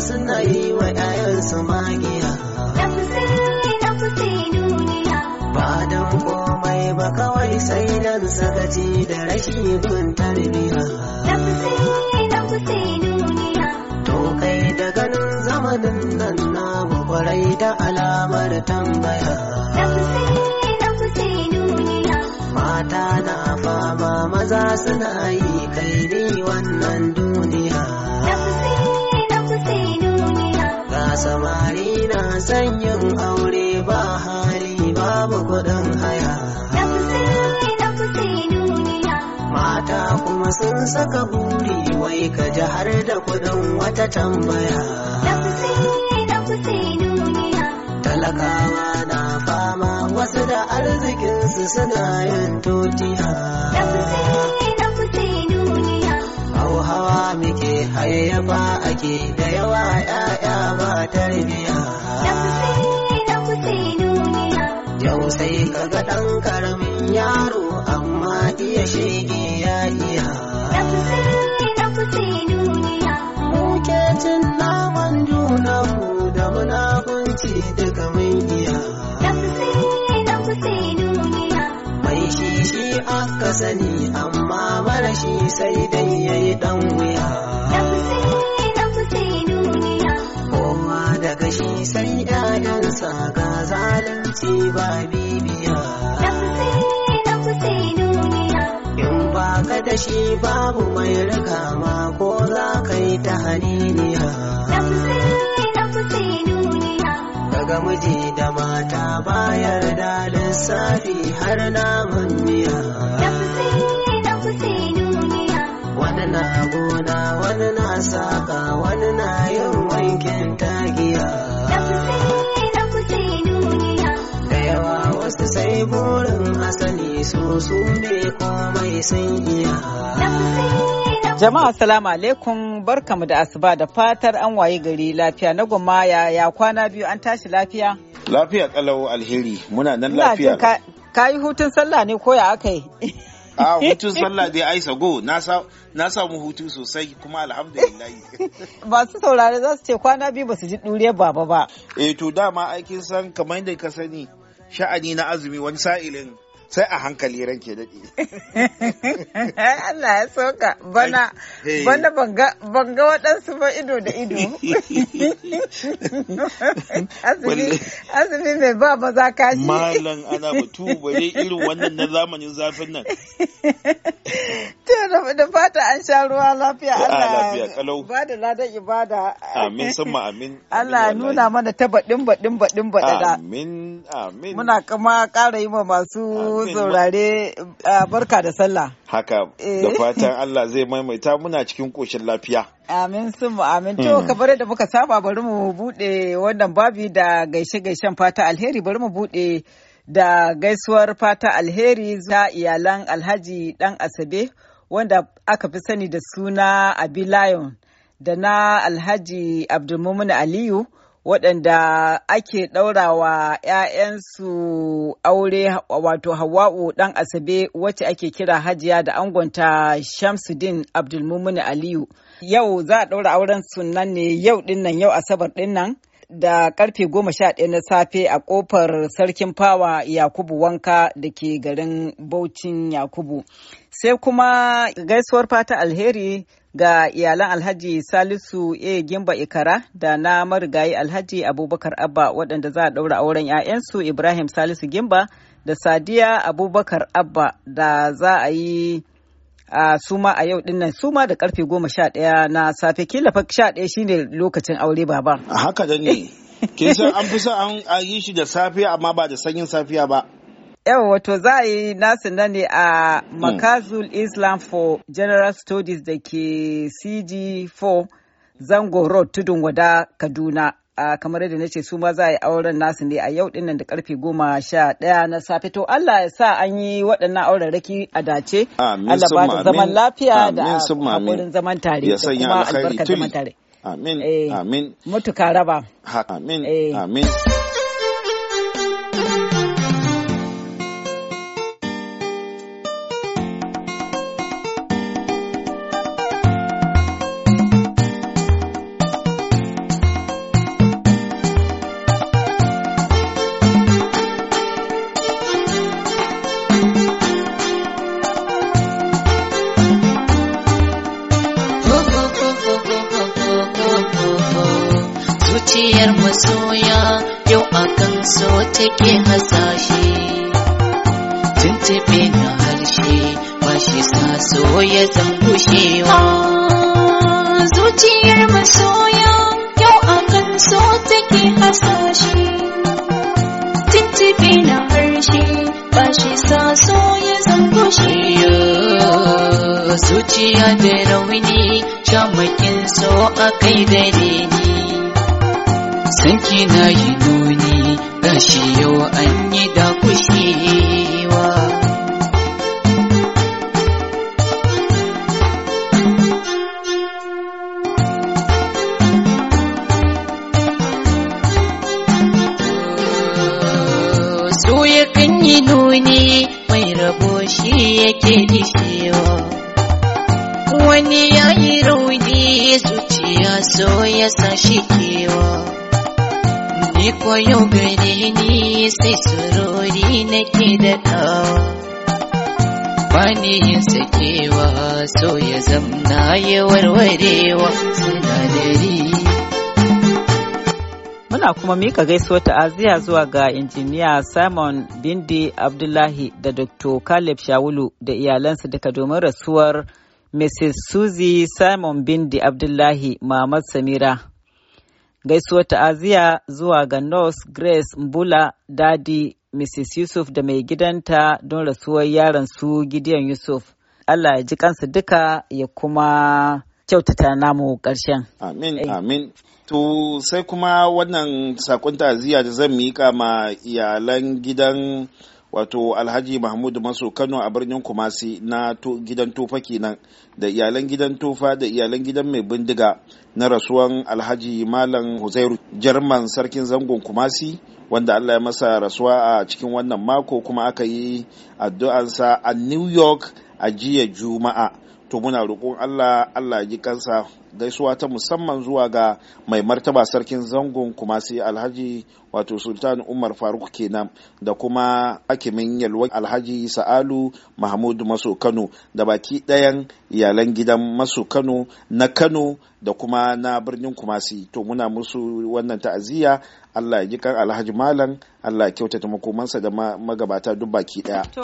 suna yi wa 'ya'yansu magiya ba don komai ba kawai sai dan sakaci da rashi bin tarbiya to kai da ganin zamanin nan na bukwarai da alamar tambaya mata na fama maza suna yi kai wannan duniya samari na yin aure ba hali babu kudin haya mata kuma sun saka buri wai ka ji har da kudin wata tambaya talakawa na fama wasu da arzikinsu suna yin totiya hawa muke hayayyafa ake da yawa ya'ya ba tarbiya yau sai ka ga ɗan karamin yaro amma iya shege ya iya muke cin naman junanmu da munafunci daga mun iya mai shi shi aka sani amma shi sai dai ya yi ɗan wuya. Kowa daga shi sai ‘ya'yansa ga zalunci ba bibiya. In ba da shi babu mai rikama ko za ka yi ta haniniya. Daga miji da mata bayar da lissafi har naman miya. na saka wani na yin wankin tagiya da yawa wasu sai burin asali su su ne komai sun iya jama'a salamu alaikum barkamu da asuba da fatar an waye gari lafiya na goma ya kwana biyu an tashi lafiya lafiya kalau alheri muna nan lafiya ka yi hutun sallah ne ko ya aka yi a ah, hutun sallah dai aisa go na samu hutu sosai kuma alhamdulillah masu saurare za su ce kwana biyu ba su ji ɗuriyar baba ba eh to dama aikin san kamar da ka sani sha'ani na azumi wani sa'ilin sai a hankali ranke daɗi. Allah ya soka bana bana banga waɗansu ba ido da ido. Azumi mai ba maza kashi. Malam ana ba yi irin wannan na zamanin zafin nan. da fata an sha ruwa lafiya Allah ba da ladan ibada. Amin sama amin. Allah nuna mana ta baɗin baɗin baɗin da. Amin amin. Muna kama ƙara yi ma masu saurare a barka da sallah. Haka da eh. fatan Allah zai maimaita muna cikin koshin lafiya. Amin sun mu amin. To hmm. kamar da muka saba bari mu bude wannan babi da gaishe-gaishen fata alheri bari mu bude da gaisuwar fata alheri za iyalan Alhaji Dan Asabe wanda aka fi sani da suna Abi Lion da na Alhaji Abdulmumin Aliyu. waɗanda ake ɗaurawa 'ya'yansu aure wato hawa'u ɗan asabe wacce ake kira hajiya da angonta shamsuddin abdulmumuni aliyu yau za a ɗaura auren sunan ne yau ɗinnan yau asabar ɗinnan da karfe goma sha ɗaya na safe a ƙofar sarkin fawa yakubu wanka da ke garin Bauchin yakubu sai kuma gaisuwar fata alheri ga iyalan Alhaji Salisu A. Gimba Ikara da na marigayi Alhaji Abubakar Abba waɗanda za a ɗaura auren 'ya'yansu Ibrahim Salisu Gimba da Sadiya Abubakar Abba da za a yi a suma a yau dinnan suma da karfe goma sha ɗaya na safe kila fa sha ɗaya shine lokacin aure baba. Haka da ne, kin san an fi sa an yi shi da safiya amma ba da sanyin safiya ba. Yau wato za a yi nasu na ne a hmm. Makazul Islam for General Studies da ke CG4 Zango Road Tudun Wada Kaduna. a kamar yadda na ce su ma za a yi auren nasu ne a yau nan da karfe goma sha ɗaya na safe to Allah ya sa an yi waɗannan auraraki a dace Allah ba da zaman lafiya da haƙurin zaman tare da kuma albarkar zaman tare amin eh, amin mutuka raba amin eh. amin da zuciyar masoya yau akan so take hasashe tintibe na harshe ba shi sa so ya zuciya da rauni shamakin so a kai gare ni sanki na yi nuni gashi yau an yi da kushe yake dishewa wani ya yi rauni zuciya so ya sa shi kewa ni koyo gare ni sai surori nake daɗawa bani ya yin sakewa so ya zamna ya warwarewa sinadari Muna kuma mika gaisuwar ta'aziyya zuwa ga injiniya Simon Bindi Abdullahi da Dr. Caleb Shawulu da iyalansa duka domin rasuwar Mrs. Suzy Simon Bindi Abdullahi Mamad Samira. Gaisuwar ta'aziyya zuwa ga Nurse Grace Mbula Dadi Mrs. Yusuf da mai gidanta don rasuwar yaron su Gideon Yusuf. Allah ya ji kansu duka ya kuma kyautata namu ƙarshen. Amin, amin. To sai kuma wannan sakon ta'aziyya da zan mika ma iyalan gidan wato Alhaji mahmudu Maso Kano a birnin Kumasi na gidan Tofa kenan da iyalan gidan Tofa da iyalan gidan mai bindiga na rasuwan Alhaji Malam Huzairu jerman sarkin zangon Kumasi wanda Allah ya masa rasuwa a cikin wannan mako kuma aka yi addu'ansa a New York a jiya Juma'a. to muna roƙon Allah Allah ji kansa gaisuwa ta musamman zuwa ga mai martaba sarkin zangon kuma sai alhaji wato sultan umar faruk kenan da kuma hakimin yalwa alhaji sa'alu mahmud maso kano da baki ɗayan iyalan gidan maso kano na kano da kuma na birnin kumasi to muna musu wannan ta'aziyya allah ya kan alhaji malam allah kyautata makomansa da magabata duk baki ɗaya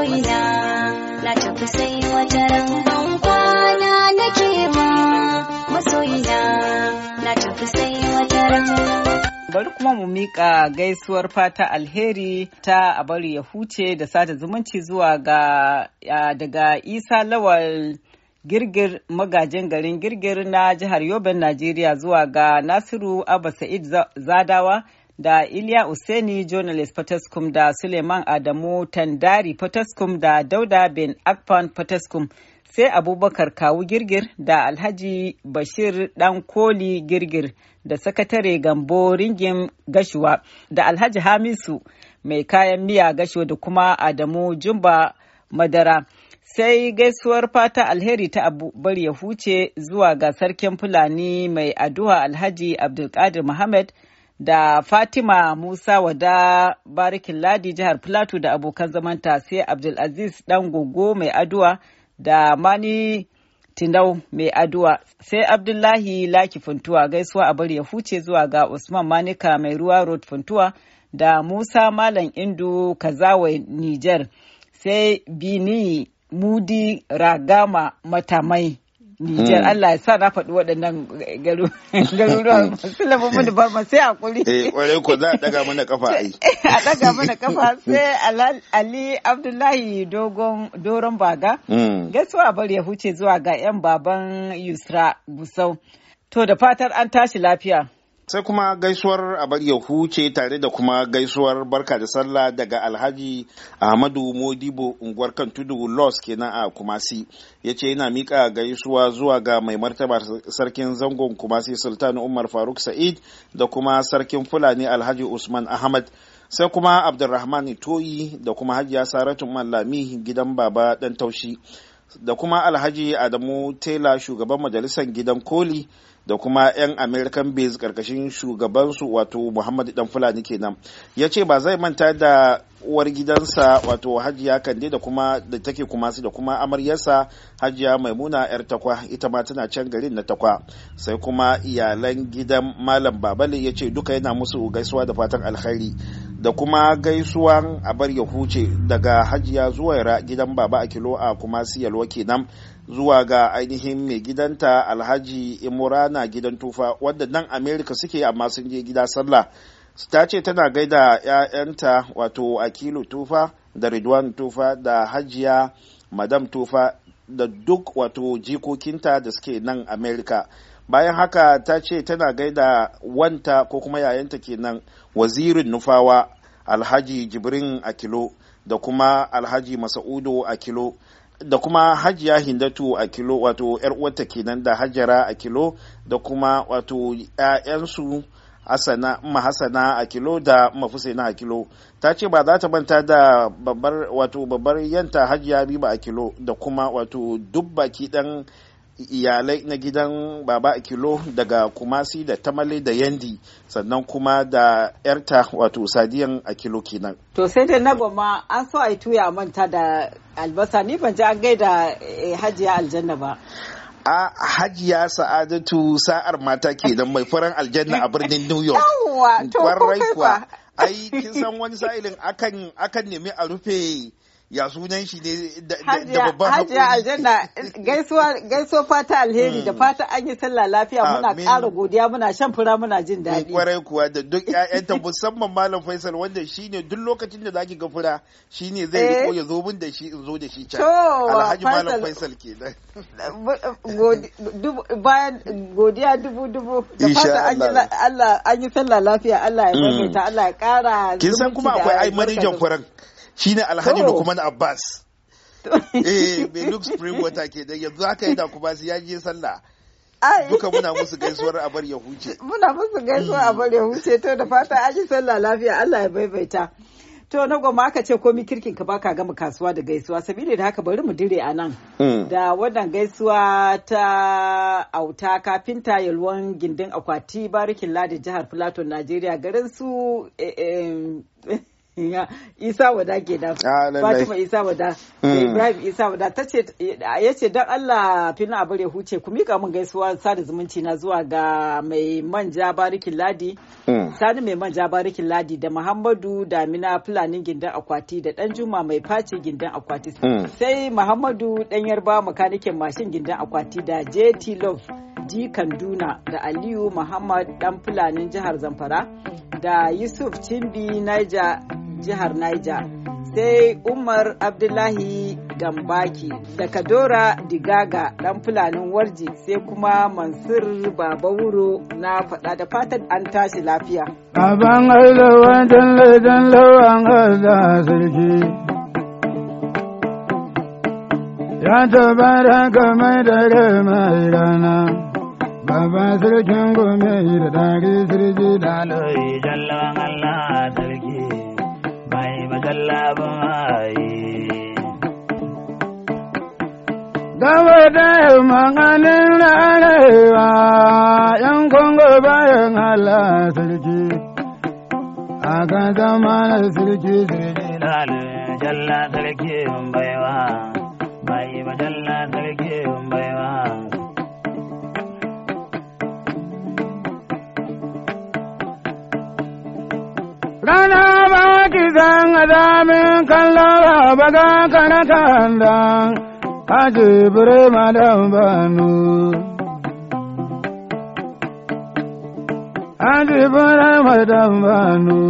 ko'ina na tafi sai wata rangon kwana nake ma masoyina na tafi sai wata rangon bari kuma mu mika gaisuwar fata alheri ta a bari ya huce da sata zumunci zuwa ga daga isa lawal girgir magajin garin girgir na jihar yoben najeriya zuwa ga nasiru abba sa'id zadawa da Iliya Useni journalist Fataskum da Suleiman Adamu Tandari Fataskum da Dauda bin Akpan Fataskum sai Abubakar Kawu Girgir da Alhaji Bashir Dan Koli Girgir da Sakatare Gambo ringin Gashuwa da Alhaji Hamisu mai kayan miya gashuwa da kuma Adamu Jumba Madara. sai gaisuwar fata alheri ta abu bari ya huce zuwa ga sarkin fulani mai addu'a alhaji abdulkadir muhammad da Fatima Musa wada barikin ladi jihar Filato da abokan zamanta sai Abdulaziz dan gogo mai aduwa da Mani Tindau mai aduwa sai Abdullahi Laki Funtuwa gaisuwa a bari ya huce zuwa ga Usman Manika mai ruwa road Funtuwa da Musa Malam Indu kazawa Niger sai Bini Mudi Ragama Matamai Nijar mm. Allah ya sa na faɗi waɗannan garuruwan masu labarin da barma sai hakuri. Eh ƙwarai ko za a ɗaga mana kafa ai. A ɗaga mana kafa sai Ali Abdullahi Dogon Doron Baga. Mm. Gaisuwa bari ya huce zuwa ga 'yan baban Yusra Gusau. To da fatar an tashi lafiya. sai kuma gaisuwar abar ya huce tare da kuma gaisuwar barka da sallah daga alhaji ahmadu modibo unguwar kan tudu los kenan a kumasi ya ce yana mika gaisuwa zuwa ga mai martaba sarkin zangon kumasi sultan umar faruk sa'id da kuma sarkin fulani alhaji usman ahmad sai kuma abdulrahman toyi da kuma hajiya saratu mallami gidan baba dan taushi da kuma alhaji adamu tela shugaban majalisar gidan koli da kuma 'yan american base karkashin shugabansu wato muhammad dan fulani kenan ya ce ba zai manta da uwar gidansa wato hajiya kande da kuma da take kuma su da kuma amaryarsa hajiya maimuna yar takwa ita ma tana can garin na takwa sai kuma iyalan gidan malam babale ya ce duka yana musu gaisuwa da fatan alkhairi da kuma gaisuwan a bar ya huce daga hajiya zuwaira gidan baba a kilo a kuma siyalwa kenan zuwa ga ainihin mai gidanta alhaji imurana gidan tufa wadda nan amerika suke amma sun je gida sallah ta ce tana gaida 'ya'yanta wato akilu tufa da ridwan tufa da hajiya madam tufa da duk wato jikokinta da suke nan amerika bayan haka ta ce tana gaida wanta ko kuma yayanta kenan wazirin nufawa alhaji jibrin akilo da kuma alhaji masa'udu akilo da kuma hajiya hindatu a kilo wato yar uwarta kenan da hajjara a kilo da kuma wato ƴaƴansu hasana mahasana a kilo da mafusaina a kilo ta ce ba za ta manta da babbar wato babbar yanta hajiya biba a kilo da kuma wato dubba baki dan iyalai na gidan baba akilo daga kumasi da tamale da yandi sannan kuma da yarta wato sadiyan akilo kenan to sai dai na goma an so a yi tuya manta da albasa ni ban ji an gaida eh, hajiya aljanna ba a hajiya sa'adatu sa'ar mata kenan mai faran aljanna a birnin new york kwarai kuwa ai kin san wani sa'ilin akan nemi a rufe ya sunan shi ne da babban hakuri hajiya aljanna gaisuwa gaisuwa fata alheri mm. da fata an yi sallah lafiya muna ƙara godiya muna shan fura muna jin daɗi kwarai kuwa da duk ƴaƴanta musamman malam faisal wanda shi ne duk lokacin da zaki ga fura shi ne zai eh? riko ya zo mun da shi in zo da shi can alhaji malam faisal ke bayan godiya dubu dubu da fata an yi sallah lafiya Allah ya mm. maimaita Allah ya ƙara kin san kuma akwai ai manijan furan shine alhaji lukman abbas eh mai luke spring water ke da yanzu haka yi kuma ya je sallah duka muna musu gaisuwar a bar ya huce muna musu gaisuwar a bar ya huce to da fata a yi sallah lafiya Allah ya baibaita to na goma aka ce komi kirkin ka baka gama kasuwa da gaisuwa sabili da haka bari mu dire a nan mm. da wannan gaisuwa ta auta kafinta yalwan gindin akwati barikin ladi jihar plateau najeriya garin su eh, eh, isa wada ke da ah, fatima isa wada hmm. ibrahim isa wada ta ce ya ce don allah fina a bare huce ku mika min gaisuwa sada zumunci na zuwa ga mai manja barikin ladi hmm. sani mai manja barikin ladi da muhammadu damina fulanin Gindan akwati da dan juma mai face Gindan akwati hmm. sai muhammadu dan yarba makanikin mashin Gindan akwati da jt love ji kanduna da aliyu muhammad dan fulanin jihar zamfara da Yusuf Cimbi Niger jihar Niger sai Umar Abdullahi Gambaki da Kadora Digaga ɗan Fulanin Warji sai kuma Mansur Babawuro na faɗa da fatan an tashi lafiya. Baban Allah wajen laidan lawan Allah sarki. Ya tabara kamar da mai rana. Baba sirkin gome da dare sirji da Jalla loyi jallawan Allah sarki mai masallabin hayi. Dawo da maganin rarewa ‘yan kongo bayan Allah sarki, a kan zama na sirki sirji da loyi jalla sarki baiwa mai jalla sarki. min kallawa baga kana kanda kaji bire madan banu kaji bire madan banu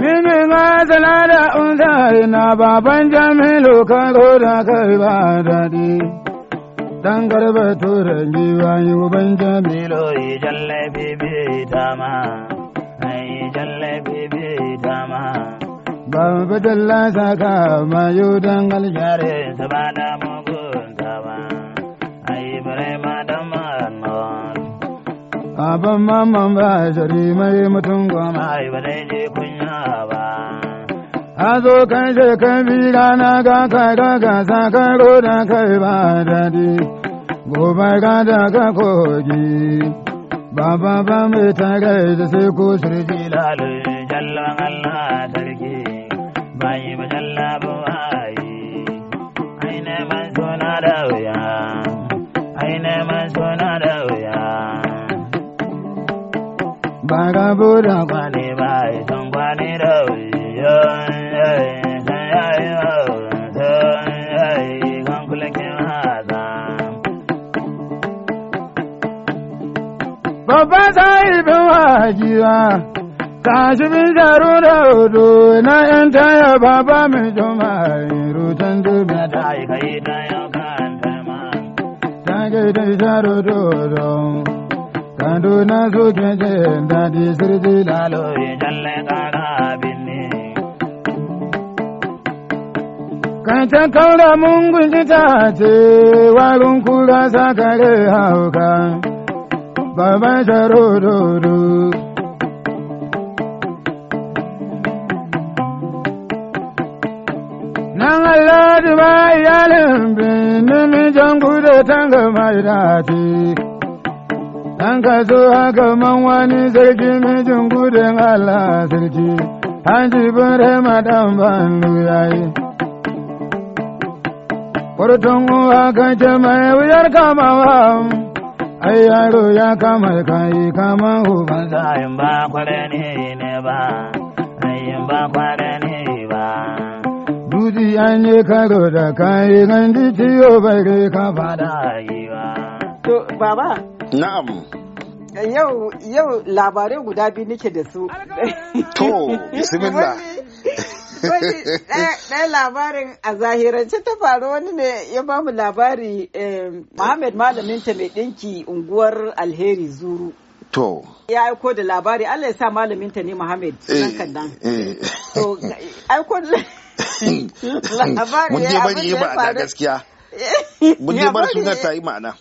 Mini ma zala da unzari na baban jamilu kan da kai ba daɗi. dan garba turangi wayo ban jami'lo idan laifi bai ma. kallabi bi dama. Ba fitilla saka mayu dangal share su ba da mugunta ba, ai bare ma da Aba mamman ba shari mai mutum goma ai ba je kunya ba. A zo kan shekan bi rana ga kai da gasa kan roda kai ba daɗi, gobe ga da ka kogi. Baba ba mu ta gai da sai ko sirfi lalu jallan Allah sarki bayi ba jalla ba wayi ai neman suna da wuya ai neman suna da wuya ba rabu da kwane ba san kwane da wuya hajiya bin jaro da odo na yan taya baba mai joma rutan dubi. ta yi kai ta yau kan tama. Ta ke da sharo dodo. Kando na so ke da di sirji lalo ya jalle kaka binne. Kancan kaura mun guji ta ce warin kura kare hauka. baban sharororo. Nan Allah ba iyalin binin mijan gudu tanga mai daɗi. An ka so haka man wani sarki mijin gudun Allah sarki, an shi bare madan bandu yayi. Kurtun uwa kan ce mai wuyar kamawa. ai yaro ya kama kai kama uban sa in ba kware ne ne ba ai ba kware ne ba duji an yi karo da kayi gandi ciyo bai kai ka fada yi ba to baba na'am yau yau labarai guda biyu nake da su to bismillah ɗaya labarin a zahirance ta faru wani ne ya ba mu labari eh, Muhammad malaminta mai ɗinki unguwar alheri zuru. To. Ya aiko da labari Allah ya sa ta ne Muhammad eh, nan kan nan. Eh. To aiko da labari ya abin da ya faru. Mun je bari ba a gaskiya. Mun je bari sunan ta yi ma'ana.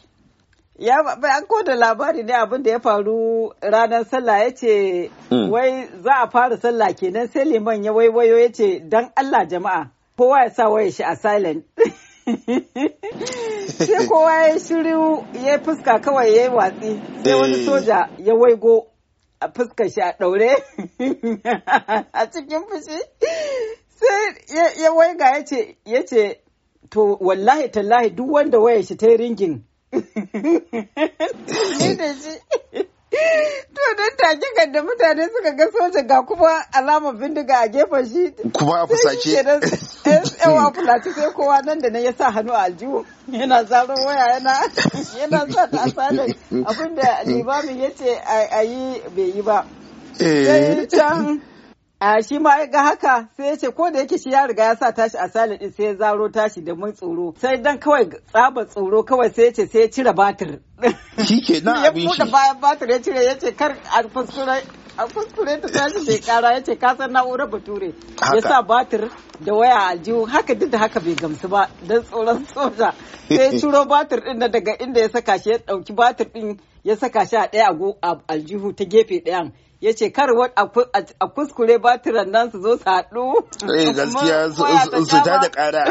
ya an da labari ne abin da ya faru ranar sallah ya ce hmm. wai za a fara sallah kenan sai liman ya waiwayo ya ce don allah jama'a kowa ya sa waya shi a silent sai kowa ya shiru ya fuska kawai ya yi watsi sai wani eh. soja ya waigo a fuskar shi a ɗaure a cikin fushi sai ya waiga ya ce to wallahi tallahi duk wanda waya shi ta yi ringin ne da shi To don take da mutane suka ga soja ga kuma alama bindiga a gefen shi. Kuma a fusace. Yawa fulaci sai kowa nan da na ya sa hannu a aljihu. Yana zaron waya yana yana sa ta asalin abinda limamin ya ce a yi bai yi ba. Eh. Sai can a shi ma ga haka sai ya ce ko da yake shi ya riga ya sa tashi a salin din sai ya zaro tashi da mun tsoro sai dan kawai tsaba tsoro kawai sai ya ce sai ya cire batir shi ke na abin shi ya buɗe bayan batir ya cire ya ce kar a fuskure a fuskure ta tashi bai kara ya ce san na'urar bature ya sa batir da waya a aljihu haka duk da haka bai gamsu ba don tsoron soja sai ciro batir din na daga inda ya saka shi ya ɗauki batir din ya saka shi a ɗaya a aljihu ta gefe ɗayan ya ce kar a kuskure batiran nan su zo su haɗu. Eh gaskiya su ta da ƙara.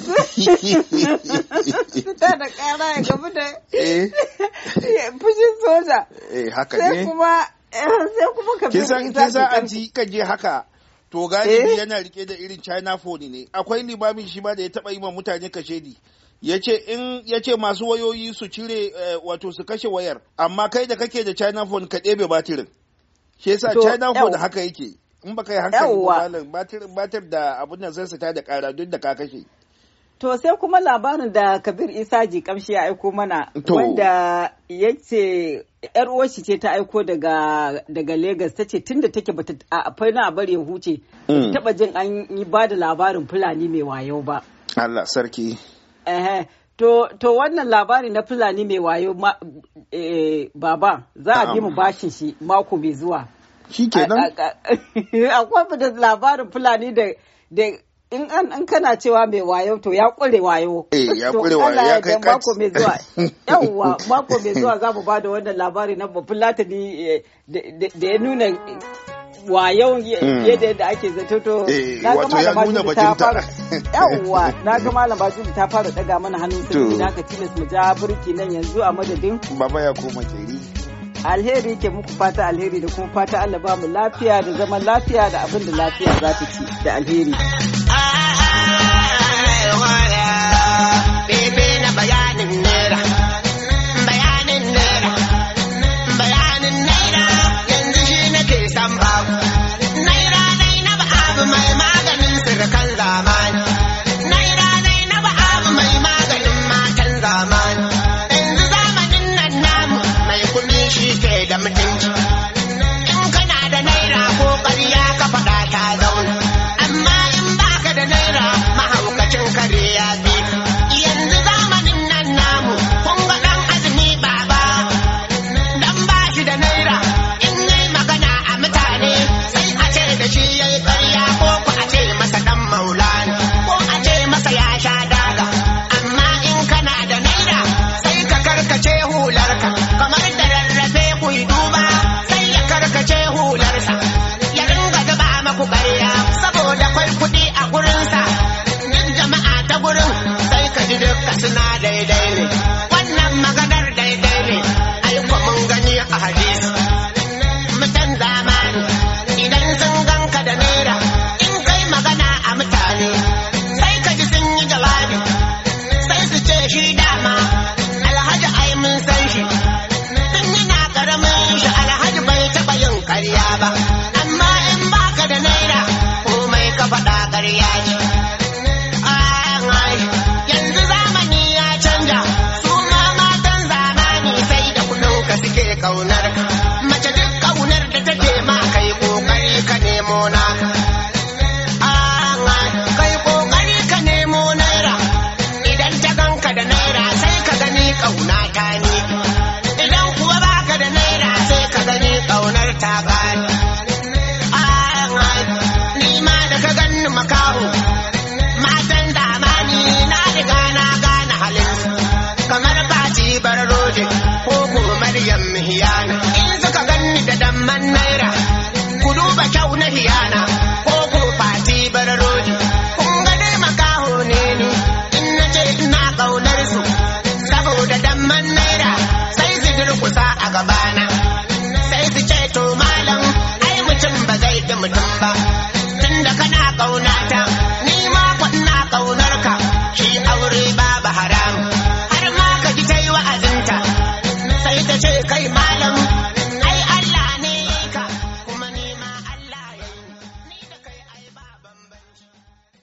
Su ta da ƙara ya gabu da eh. fushin soja. Eh haka ne. Sai kuma sai kuma ka fi kisa an ji ka je haka. To galibi eh. yana rike da irin China phone ne. Akwai limamin shi ma da ya taɓa yi ma mutane kashedi. ya ce in yace masu wayoyi su cire eh, wato su kashe wayar amma kai da kake da china phone ka ɗebe batirin shi yasa china ko da haka yake in baka yi hankali malam batir batir da abun nan sai su ta da kara duk da ka kashe To sai kuma labarin da Kabir isa ji kamshi ya aiko mana wanda yace ‘yar uwarshi ce ta aiko daga daga lagos tace tunda take bata a faina a bari ya huce taba mm. jin an yi ba da labarin Fulani mai wayo ba. Allah sarki. eh To, wannan labari na Fulani mai wayo eh, baba za a bi mu ah. bashin shi mako mai zuwa. Shi kenan? Akwai da labarin Fulani da in an an kana cewa mai wayo to ya kure wayo. Eh ya kure wayo ya kai mako mai zuwa. Yawwa mako mai zuwa za mu ba da wannan labari na Bafulatani eh, da ya nuna wayon hmm. yadda yadda ake zato to eh, na ga malam bajin ta fara yawwa na ga malam ta fara daga mana hannun sai da ka tilas mu ja burki nan yanzu a madadin baba ya koma keri alheri ke muku fata alheri da kuma fata Allah ba mu lafiya da zaman lafiya da abin da lafiya za ta ci da alheri